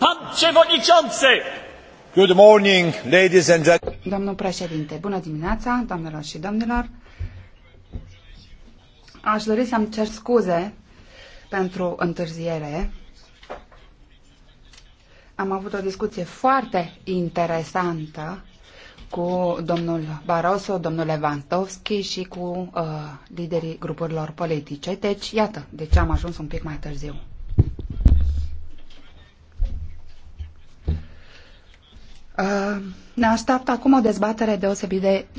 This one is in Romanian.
Pan Przewodniczący! Good morning, ladies and gentlemen. Domnul președinte, bună dimineața, doamnelor și domnilor. Aș dori să-mi cer scuze pentru întârziere. Am avut o discuție foarte interesantă cu domnul Barroso, domnul Lewandowski și cu uh, liderii grupurilor politice. Deci, iată, de deci ce am ajuns un pic mai târziu. Uh, ne așteaptă acum o dezbatere deosebit de